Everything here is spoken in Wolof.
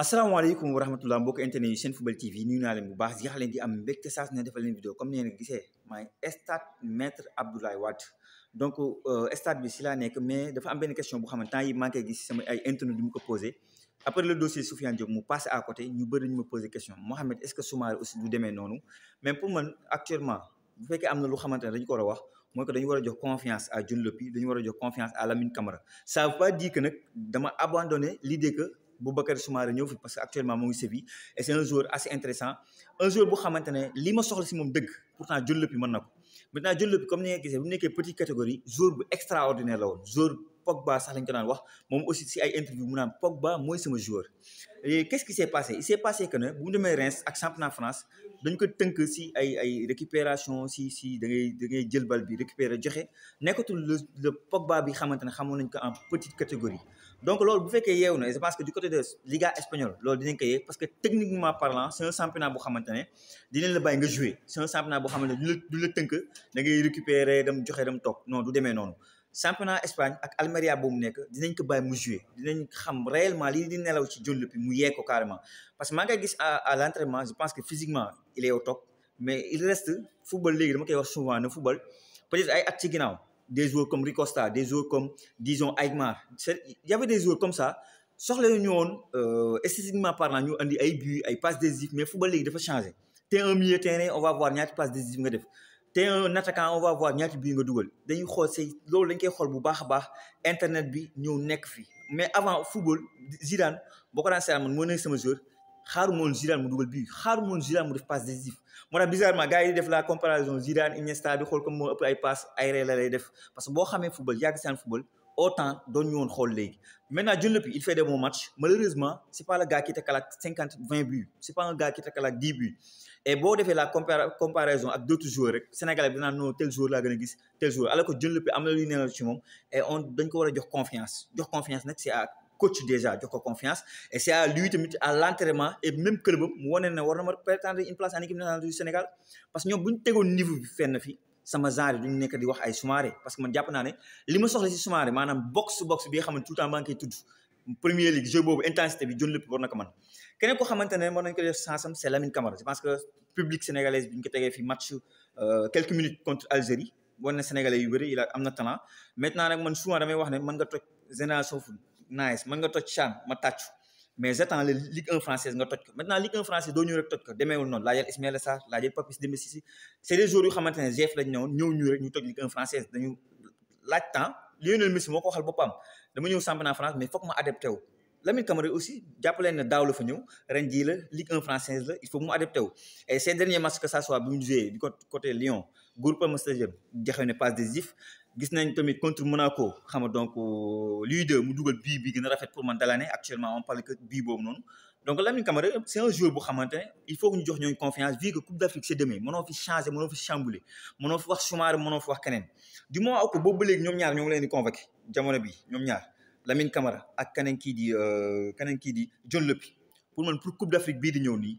asalaamaaleykum wa rahmatulah mbokk internet yu seen football TV nuyu naa leen bu baax yéex leen di am mbégte saa su ne defal leen vidéo comme ni ngeen gisee maay stade maître Abdoulaye Wade donc euh, stade bi si laa nek mais dafa am ben question bu xamantani yi manqué gis sama ay internet du ko poser après le dossier Soufiane Diop mu passé à côté ñu bëri ñu me posé question Mohamed est-ce que soumar aussi du démé noonu mais pour man actuellement bu fekkee amna lu xamantani dañ ko war wax moy que dañu wara jox confiance à Dion lopi dañu wara jox confiance à Lamine Camara ça veut pas dire que nak dama abandonné l'idée que Boubacar Soumaré ñëw fi parce que actuellement mo ngi Séville et c'est un joueur assez intéressant un joueur bu xamante li ma soxla ci mom deug pourtant Diolopy mën na ko maintenant Diolopy comme ni nga gisee bu nekké petite catégorie joueur bu extraordinaire la woon joueur Pogba sax lañ ko daan wax moom aussi si ay interview mu naan Pogba mooy sama joueur et qu'est-ce qui s'est passé il s'est passé que nous bu mu demee Reims ak championnat France dañ ko tënk si ay ay récupération si si da ngay da ngay jël bal bi récupérer joxe nekkatul le le Pogba bi xamante ne ko en petite catégorie donc loolu bu fekkee yeewu na je pense que du côté de Liga espagnole loolu dinañ ko yee parce que techniquement parlant c'est un championnat boo xamante ne dinañ la bàyyi nga jouer c'est un championnat boo xamante ne du la du la tënk da ngay récupérer dem joxe dem toog non du demee noonu championnat Espagne ak Almeria boobu nek dinañ ko bàyyi mu jouer dinañ xam réellement li di nelaw ci Dion bi mu yee carrément parce que ma ngi gis à à je pense que physiquement il est au top mais il reste football league dama koy wax souvent ne football peut-être ay at ci ginaaw des joueurs comme Ricosta des joueurs comme disons Aymar y avait des joueurs comme ça soxla ñu woon euh, esthétiquement parlant ñu andi ay buts ay passes décisives mais football léegi dafa changer. T'es un milieu terrain on va voir ñaati passes décisives nga def un attaquant on va voir ñaati bi nga dañuy xol say loolu dañ koy xol bu baax internet bi mais avant football Zidane si on a man mo nekk sama joueur Zidane mu bi Zidane mu def passe décisif bizarrement la comparaison Zidane Iniesta bi comme mo ay passe ay ray la lay def parce que bo xamé football yàgg football autant doon ñu maintenant Dion il fait des bons matchs malheureusement c'est pas le gars qui était calaat 50 20 buts c'est pas un gars qui était calaat 10 buts et boo faire la comparaison avec d'autres joueurs rek Sénégalais bi dinaa non tel joueur là tel joueur alors que Dion Lopy am na ci et on dañ ko De jox confiance jox confiance c'est à coach déjà jox confiance et c'est à lui tamit à l'entraînement et même club on mu on a war na une place en équipe nationale du Sénégal parce que ñoom bu ñu niveau bi fenn fii. sama genre duñu nekk di wax ay Soumaré parce que man jàpp naa ne li ma soxla si Soumaré maanaam box box bi nga xam ne tout le temps maa ngi koy premier ligue jeu boobu intensité bi jon lépp war na ko man keneen ko xamante ne war nañu ko def sansam c'est bi ñu tegee fi match euh, quelques minutes contre Algérie war na sénégalais yu bëri il am na talent maintenant nag man souvent damay wax ne mën nga toj génération foot nice mën nga toj chan ma tàccu mais j'attends la Ligue 1 française nga la maintenant Ligue 1 française doo ñëw rek toj ko demeewul noonu laajal Ismaïla Sarr laajal Papis Demba Cissé c'est les jours yu xamante ne GF lañ ñëw ñëw ñu rek ñu la Ligue 1 française dañu laaj temps Lionel Messi moo ko waxal Je dama ñëw championnat France mais faut ma adapté wu Lamine Camara aussi jàpp leen ne daaw la fa ñëw ren jii la Ligue 1 française la il faut mu adapté et ces derniers matchs que ça soit bi du côté Lyon Groupe Stadium je ne passe décisif gis nañ tamit contre Monaco xam donc euh, lui de mu dugal bii bi gën a rafet pour man de l'année actuellement on parle que bii boobu noonu donc Lamine Camara c' est un joueur bu xamante il faut que ñu jox ñooñu confiance vu que Coupe d' Afrique c' est demain mënoo fi changer mënoo fi chamboulé mënoo fi wax Soumaré mënoo fi wax keneen du moment que boobu ba léegi ñoom ñaar ñoo ngi leen di convoqué jamono bi ñoom ñaar Lamine Camara ak keneen kii di euh, keneen kii di Dion Lopy pour man pour Coupe d' Afrique bii di ñëw nii.